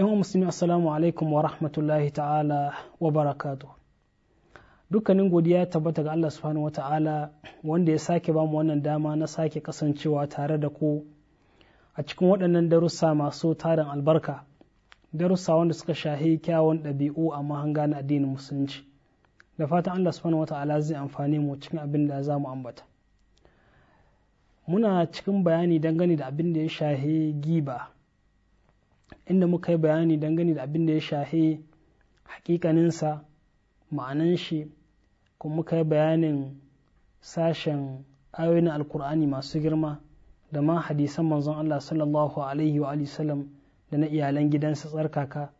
'yan musulmi assalamu alaikum wa rahmatullahi ta'ala wa barakatu dukkanin godiya ya tabbata ga Allah subhanahu wa ta'ala wanda ya sake bamu wannan dama na sake kasancewa tare da ku a cikin waɗannan darussa masu tarin albarka darussa wanda suka shahi kyawun ɗabi'u a mahanga na addinin musulunci da fatan Allah subhanahu wa ta'ala zai amfani mu cikin abin da za mu ambata muna cikin bayani dangane da abin da ya shahi giba inda muka yi bayani dangane da abin da ya shahe hakikaninsa ma'anan shi kuma muka yi bayanin sashen ayoyin alkur'ani masu girma da ma hadisan manzon Allah sallallahu alaihi wa sallam da na iyalan gidansa tsarkaka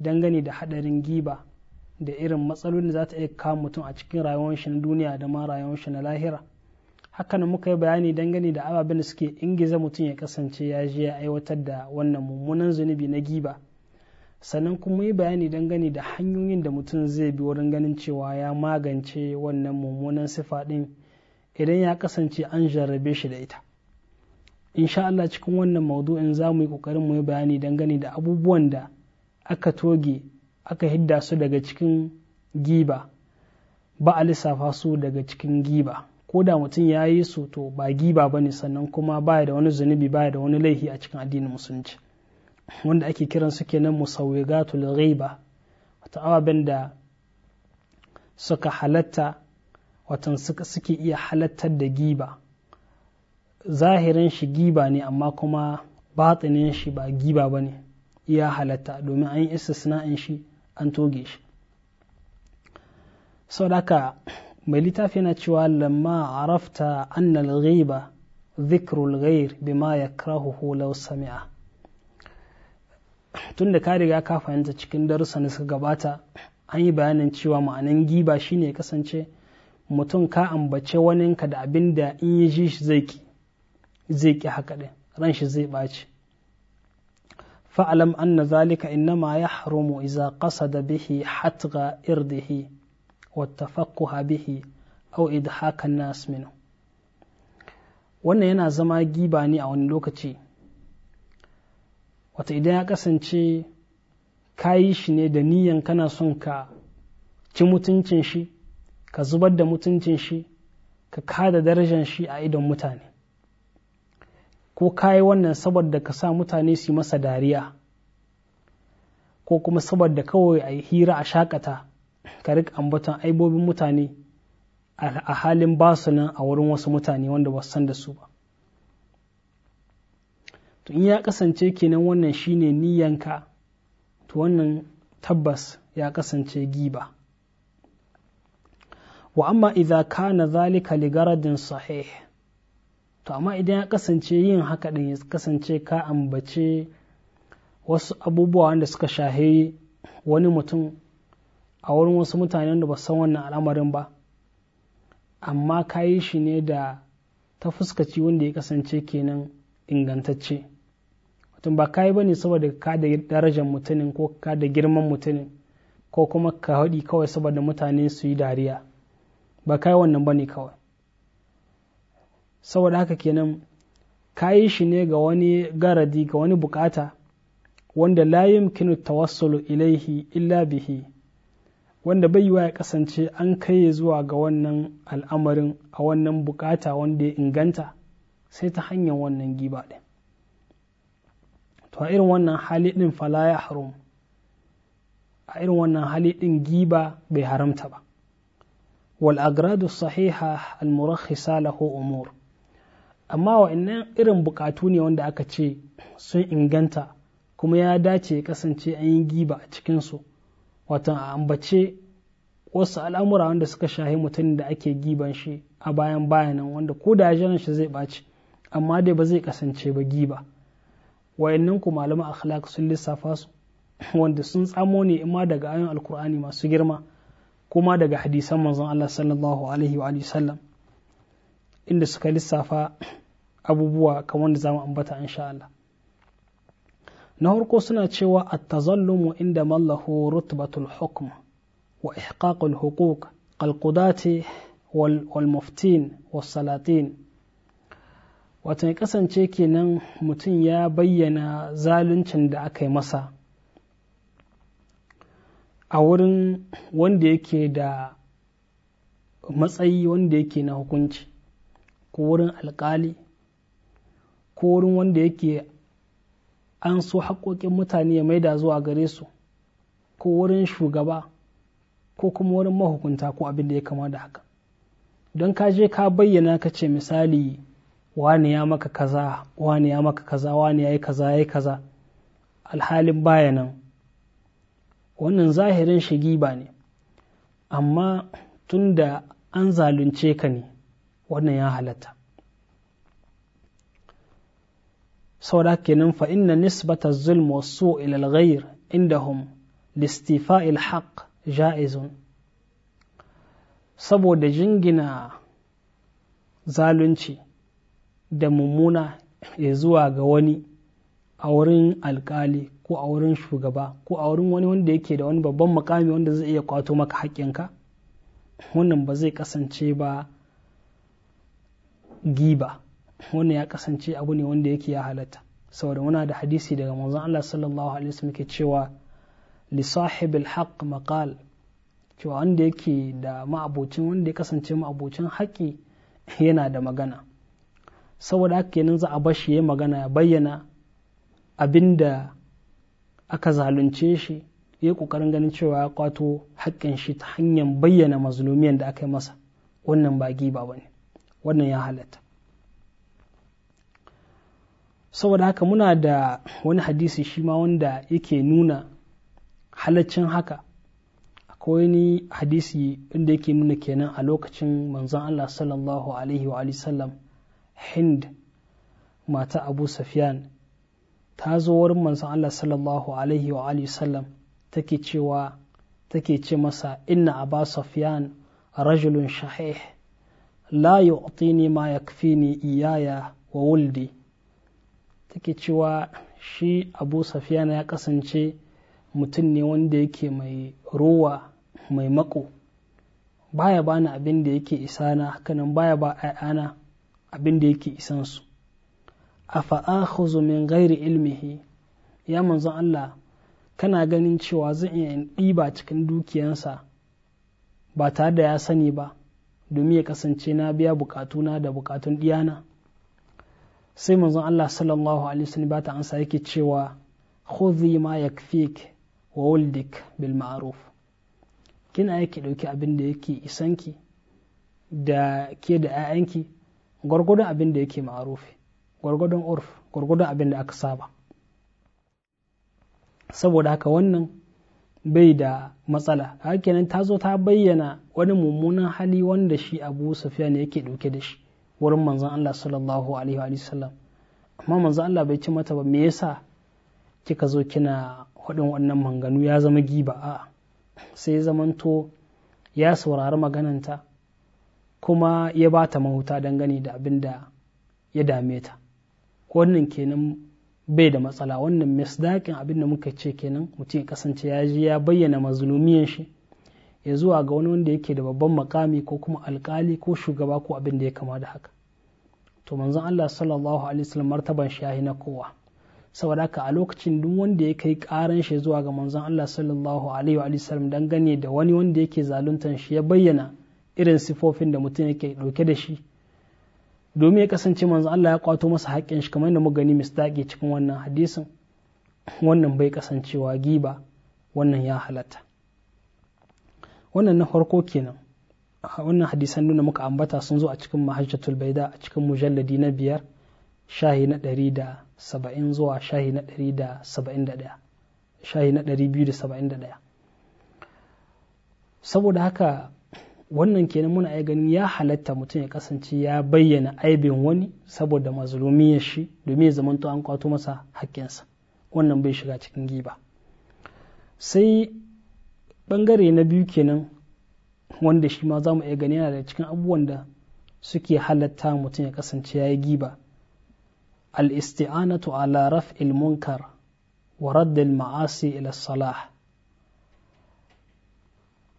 dangane da hadarin giba da irin matsalolin da za ta iya kawo mutum a cikin rayuwar shi na duniya da ma rayuwar shi na lahira hakan muka yi bayani dangane da ababen da suke ingiza mutum ya kasance ya je ya aiwatar da wannan mummunan zunubi na giba sannan kuma yi bayani dangane da hanyoyin da mutum zai bi wurin ganin cewa ya magance wannan mummunan sifa ɗin idan ya kasance an jarrabe shi da ita insha Allah cikin wannan maudu'in za mu yi ƙoƙarin mu yi bayani dangane da abubuwan da aka toge aka hidda su daga cikin giba ba a lissafa su daga cikin giba ko da mutum ya yi su to ba giba ba ne sannan kuma ba da wani zunubi baya da wani laifi a cikin addinin musulunci wanda ake kiran su kenan musawwigatul ghaiba wata ababen da suka halatta watan suke iya halattar da giba zahirin shi giba ne amma kuma batsinin shi ba giba ba ne iya halatta domin an yi istisna'in shi an toge shi sau da mai littafi yana cewa lamma arafta annal ghiba dhikrul ghair bima yakrahuhu law sami'a tun ka riga ka fahimta cikin darussan da suka gabata an yi bayanin cewa ma'anan giba shine kasance mutum ka ambace waninka da abin da in yi ji shi zai ki zai ki haka ɗin ran shi zai ɓaci fa'alam anna zalika innama ya haramu iza ƙasa da bihi hatga irdihi والتفقه به أو إضحاك الناس منه wannan yana zama giba ne a wani lokaci wata idan ya kasance ka yi shi ne da niyan kana son ka ci mutuncin shi ka zubar da mutuncin shi ka kada darajar shi a idon mutane ko ka yi wannan saboda ka sa mutane su yi masa dariya ko kuma saboda kawai a yi hira a shakata ka rika ambaton aibobin mutane a halin basu nan a wurin wasu mutane wanda ba san da su ba to in ya kasance kenan wannan shine niyyanka to wannan tabbas ya kasance giba wa amma idza kana zalika li garadin sahih to amma idan ya kasance yin haka din ya kasance ka ambace wasu abubuwa wanda suka shahe wani mutum a wurin wasu mutane da ba san wannan al'amarin ba amma ka yi shi ne da ta fuskaci wanda ya kasance kenan ingantacce mutum ba ka yi ba ne saboda ka da darajar mutumin ko ka da girman mutumin ko kuma ka haɗi kawai saboda mutane su yi dariya ba ka yi wannan ba ne kawai saboda haka kenan ka yi shi ne ga wani garadi ga wani bukata wanda la yumkinu tawassulu ilaihi illa bihi wanda bai yiwa ya kasance an kai zuwa ga wannan al'amarin a wannan bukata wanda ya inganta sai ta hanyar wannan giba ɗin to a irin wannan hali ɗin fala ya harum a irin wannan hali ɗin giba bai haramta ba wal agradu sahiha al murakhisa lahu umur amma wa'annan irin bukatu ne wanda aka ce sun inganta kuma ya dace ya kasance an yi giba a cikinsu watan a ambace wasu al'amura wanda suka shahi mutumin da ake giban shi a bayan bayanan wanda ko da ya shi zai ɓaci amma dai ba zai kasance ba giba wayannan ku malaman akhlaq sun lissafa su wanda sun tsamo ne imma daga ayoyin alkur'ani masu girma kuma daga hadisan manzon Allah sallallahu alaihi wa sallam inda suka lissafa abubuwa kamar da zamu ambata insha Allah na harko suna cewa a tazallumu inda mallahu rutbatul hukm wa ihqaqul huquq qalqudati wal muftin was salatin wato ya kasance kenan mutum ya bayyana zaluncin da aka yi masa a wurin wanda yake da matsayi wanda yake na hukunci ko wurin alkali ko wurin wanda yake an so haƙoƙin mutane ya maida zuwa gare su ko wurin shugaba ko kuma wurin mahukunta ko abin da ya kama da haka don ka je ka bayyana ka ce misali wani ya maka kaza wani ya maka kaza wani ya yi kaza ya yi kaza alhalin bayanan wannan zahirin shigi ba ne amma tunda an zalunce ka ne wannan ya halatta saboda kenan fa inna nisbata zulm wa su' ila al indahum listifa'i ja'izun saboda jingina zalunci da mummuna ya zuwa ga wani a wurin alkali ko a wurin shugaba ko a wurin wani wanda yake da wani babban makami wanda zai iya kwato maka haƙƙinka wannan ba zai kasance ba giba wannan ya kasance abu ne wanda yake ya halatta saboda muna da hadisi daga manzon Allah sallallahu alaihi wasallam ke cewa li sahibil haqq maqal cewa wanda yake da ma'abocin wanda ya kasance ma'abocin haƙi yana da magana saboda haka kenan za a bashi ya magana ya bayyana abinda aka zalunce shi ya kokarin ganin cewa ya kwato haƙƙin shi ta hanyar bayyana mazlumiyan da aka yi masa wannan ba giba bane wannan ya halatta saboda haka muna da wani hadisi shi ma wanda yake nuna halaccin haka akwai wani hadisi inda yake nuna kenan a lokacin manzon Allah sallallahu alaihi wa sallam hind mata abu safiyan. ta zo wurin manzon Allah sallallahu alaihi wa sallam take cewa take ce masa inna aba safiyan rajulun shahih la yu'tini ma yakfini iyaya wa wuldi take cewa shi abu safiyana ya kasance mutum ne wanda yake mai rowa mai mako baya bani abin da yake isa na, hakanan baya ba ayana abin da yake isansu a fa'akhuzu min gairi ilmihi ya manzon Allah kana ganin cewa zan iya in ɗiba cikin dukiyansa ba tare da ya sani ba domin ya kasance na biya bukatuna da bukatun ɗiyana sai manzon Allah sallallahu alaihi wasallam bata ansa yake cewa khudhi ma yakfik wa waldik bil ma'ruf kina yake dauki abin da yake isanki da ke da 'ya'yanki gwargwadon abin da yake ma'arufi gwargwadon urf gwargwadon abin da aka saba saboda haka wannan bai da matsala haka kenan ta zo ta bayyana wani mummunan hali wanda shi abu Sufyan ne yake dauke da shi wurin manzon Allah sallallahu alaihi wa sallam amma manzon Allah bai ci mata ba me yasa kika zo kina hudin wannan manganu ya zama giba a sai zamanto ya saurari magananta kuma ya ba ta mahuta dangane da abin da ya dame ta wannan kenan bai da matsala wannan misdaƙin abin da muka ce kenan mutum ya kasance ya ji ya bayyana mazulumiyan shi ya zuwa ga wani wanda yake da babban makami ko kuma alkali ko shugaba ko abin da ya kama da haka to manzon Allah sallallahu alaihi wasallam martaban shahi na kowa saboda haka a lokacin duk wanda ya kai karan shi zuwa ga manzon Allah sallallahu alaihi wasallam dangane da wani wanda yake zaluntan shi ya bayyana irin sifofin da mutum yake dauke da shi domin ya kasance manzon Allah ya kwato masa haƙƙin shi kamar yadda muka gani mistaki cikin wannan hadisin wannan bai kasancewa giba wannan ya halatta wannan na farko kenan wannan hadisan nuna muka ambata sun zo a cikin mahajjatul baida a cikin mujalladi na biyar shahi na ɗari da saba'in zuwa shahi na ɗari da saba'in da ɗaya shahi na ɗari biyu da saba'in da ɗaya saboda haka wannan kenan muna iya ganin ya halatta mutum ya kasance ya bayyana aibin wani saboda ya shi domin ya zamanto an kwato masa haƙƙinsa wannan bai shiga cikin giba sai ɓangare na biyu kenan wanda shi ma za mu iya gani yana da cikin abubuwan da suke halatta mutum ya kasance ya yi giba al-isti'anatu ala raf'il munkar wa raddil ma'asi ila salah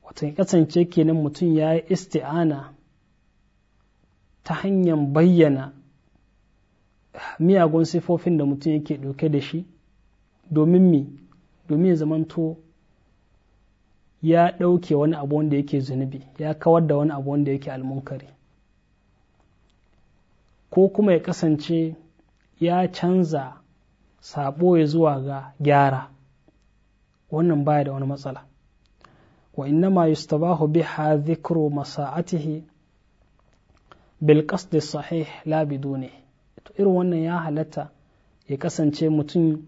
wato ya kasance kenan mutum ya yi isti'ana ta hanyar bayyana miyagun sifofin da mutum yake ɗauke da shi domin mi domin ya zamanto ya ɗauke wani abu wanda yake zunubi ya kawar da wani abu wanda yake almunkari ko kuma ya kasance ya canza sabo ya zuwa ga gyara wannan baya da wani matsala wa innama yustabahu biha dhikru masa'atihi bil qasd sahih la biduni to irin wannan ya halatta ya kasance mutum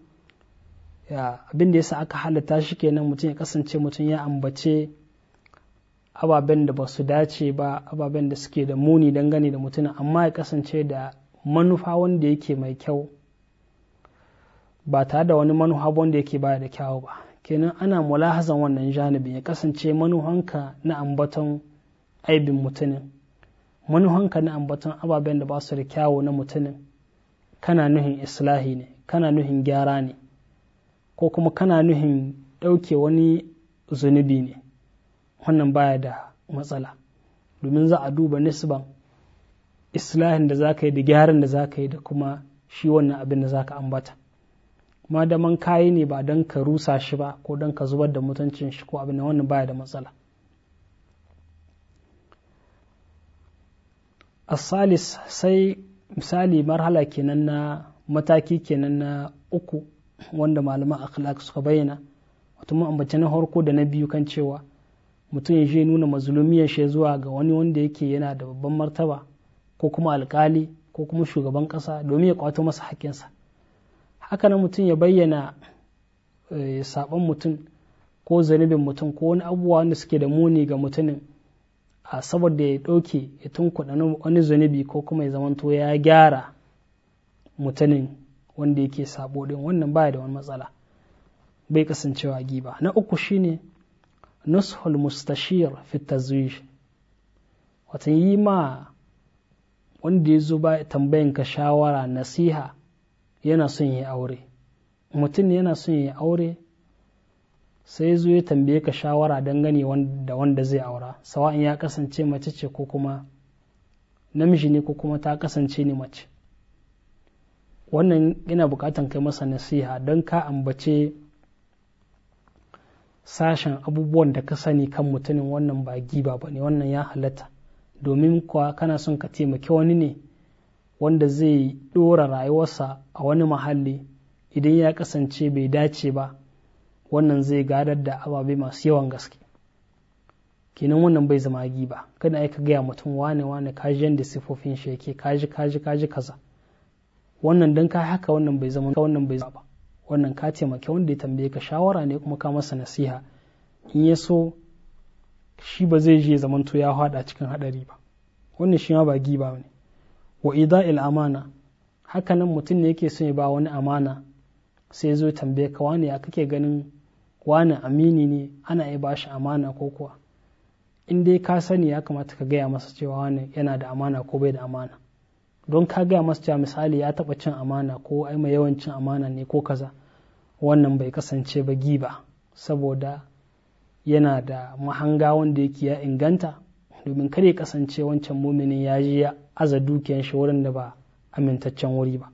abin da sa aka halatta shi kenan mutum ya kasance mutum ya ambace ababen da ba su dace ba ababen da suke da muni dangane da mutum amma ya kasance da manufa wanda yake mai kyau ba tare da wani manufa wanda yake baya da kyawu ba kenan ana mulahazan wannan janibin ya kasance manuhanka na ambaton aibin mutumin manuhanka na ambaton ababen da ba su da kyawu na mutumin kana nuhin islahi ne kana nuhin gyara ne ko kuma kana nuhin ɗauke wani zunubi ne wannan baya da matsala domin za a duba nisban islahin da za ka yi da gyaran da za ka yi da kuma shi wannan abin da za ka ambata madaman kayi ne ba don ka rusa shi ba ko don ka zubar da mutuncin shi ko abin da wannan baya da matsala asalis sai misali marhala kenan na mataki kenan na uku wanda malaman akhlaq suka bayyana wato mun ambaci na harko da na biyu kan cewa mutum ya je nuna mazulumiyar shi zuwa ga wani wanda yake yana da babban martaba ko kuma alkali ko kuma shugaban kasa domin ya kwato masa hakinsa haka nan mutum ya bayyana eh, sabon mutum ko zanibin mutum ko wani abubuwa wanda suke da muni ga mutumin a saboda ya ɗauke ya tunkuɗa wani zanibi ko kuma ya zamanto ya gyara mutumin wanda yake sabo din wannan baya da wani matsala bai kasancewa giba na uku shine nushul mustashir fi tazwij watan yi ma wanda ya zo tambayan ka shawara nasiha yana son yi aure mutum yana son yi aure sai zo ya tambaye ka shawara dangane da wanda zai aura sawa'in ya kasance mace ce ko kuma namiji ne ko kuma ta kasance ne mace wannan yana bukatan kai masa nasiha don ka ambace sashen abubuwan da ka sani kan mutumin wannan ba giba ba ne wannan ya halatta domin kuwa kana son ka taimaki wani ne wanda zai ɗora rayuwarsa a wani mahalli idan ya kasance bai dace ba wannan zai gadar da ababe masu yawan gaske kenan wannan bai zama giba kada aika gaya mutum wane wane kaji yadda sifofin shi yake kaji kaji kaji kaza wannan dan ka haka wannan bai zama wannan bai zama ba wannan ka taimake wanda ya tambaye ka shawara ne kuma ka masa nasiha in ya so shi ba zai je zamanto ya hada cikin hadari ba wannan shi ma ba giba ne wa il amana haka nan mutum ne yake son ya ba wani amana sai ya zo tambaye ka wani ya kake ganin wani amini ne ana iya shi amana ko kuwa in dai ka sani ya kamata ka gaya masa cewa wani yana da amana ko bai da amana don ka gaya masu cewa misali ya taɓa cin amana ko ai mai yawan cin amana ne ko kaza wannan bai kasance ba giba saboda yana da mahanga wanda yake ya inganta domin kada ya kasance wancan muminin ya je ya aza dukiyan shi wurin da ba amintaccen wuri ba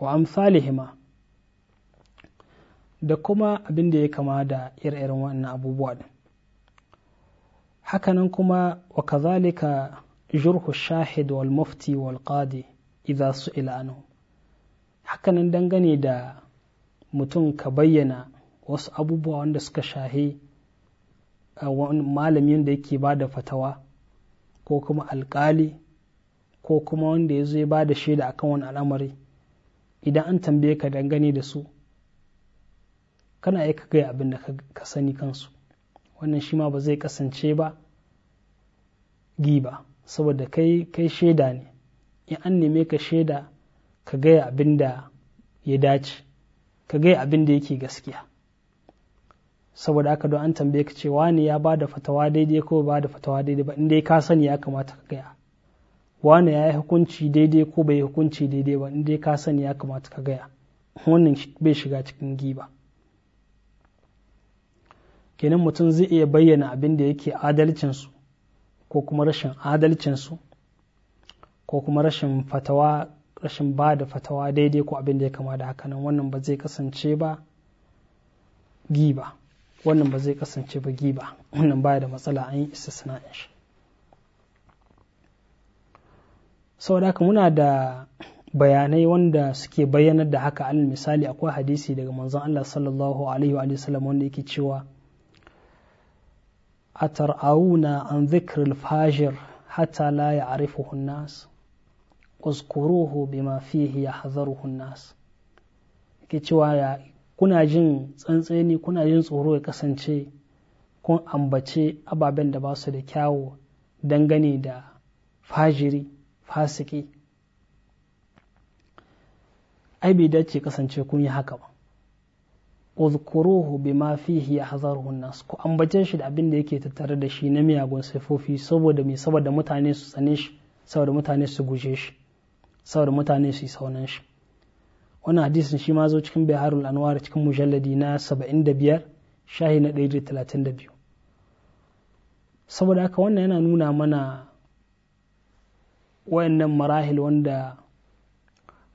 wa amsalihima da kuma abin da ya kama da ire-iren wannan abubuwa din hakanan kuma wa kazalika jurhu shahid wal mufti wal qadi idza su'ila anhu hakanan dangane da mutum ka bayyana wasu abubuwa wanda suka shahi malamin da yake ba da fatawa ko kuma alkali ko kuma wanda ya zo ya ba da shaida akan wani al'amari idan an tambaye ka dangane da su kana iya ka gaya abin da ka sani kansu wannan shi ma ba zai kasance ba giba saboda kai kai shaida ne in an neme ka shaida ka gaya abin da ya dace ka gaya abin da yake gaskiya saboda aka don an tambaye ka ce wani ya ba da fatawa daidai ko ba da fatawa daidai ba in ka sani ya kamata ka gaya wani ya yi hukunci daidai ko bai hukunci daidai ba in dai ka sani ya kamata ka gaya wannan bai shiga cikin giba kenan mutum zai iya bayyana abin da yake adalcinsu ko kuma rashin adalcinsu ko kuma rashin fatawa rashin ba da fatawa daidai ko abin da ya kama da hakanan wannan ba zai kasance ba giba wannan ba zai kasance ba giba wannan baya da matsala an yi istisna shi saboda haka muna da bayanai wanda suke bayyanar da haka alal misali akwai hadisi daga manzon Allah sallallahu alaihi wa sallam wanda yake cewa Fajir عن La الفاجر حتى لا يعرفه الناس اذكروه بما فيه يحذره الناس ke cewa kuna jin tsantseni kuna jin tsoro ya kasance kun ambace ababen da ba su da kyawu dangane da fajiri fasiki ai bai dace kasance kun yi haka ba uzkuruhu bima fihi yahzaruhu nas ku ambace shi da abin da yake tattare da shi na miyagun sifofi saboda mai saboda mutane su sane shi saboda mutane su guje shi saboda mutane su yi saunan shi wannan hadisin shi ma zo cikin biharul anwar cikin mujalladi na 75 shahi na 132 saboda haka wannan yana nuna mana wayannan marahil wanda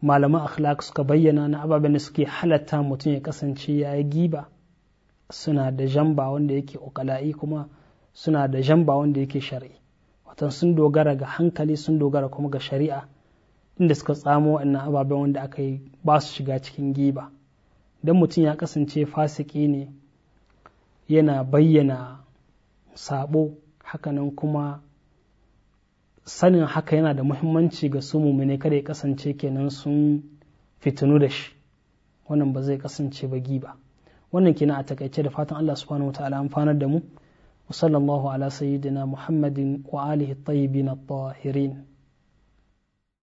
malaman akhlaq suka bayyana na ababen da suke halatta mutum ya kasance ya yi giba suna da jamba wanda yake ukala'i kuma suna da jamba wanda yake shari'i watan sun dogara ga hankali sun dogara kuma ga shari'a inda suka tsamo waɗannan ababen wanda aka yi ba su shiga cikin giba don mutum ya kasance fasiki ne yana bayyana sabo hakanan kuma sanin haka yana da muhimmanci ga su ne kada ya kasance kenan sun fitinu da shi wannan ba zai kasance ba giba wannan kenan a takaice da fatan Allah subhanahu wataala amfanar da mu wa sallallahu ala sayyidina muhammadin wa alihi tayyibin at-tahirin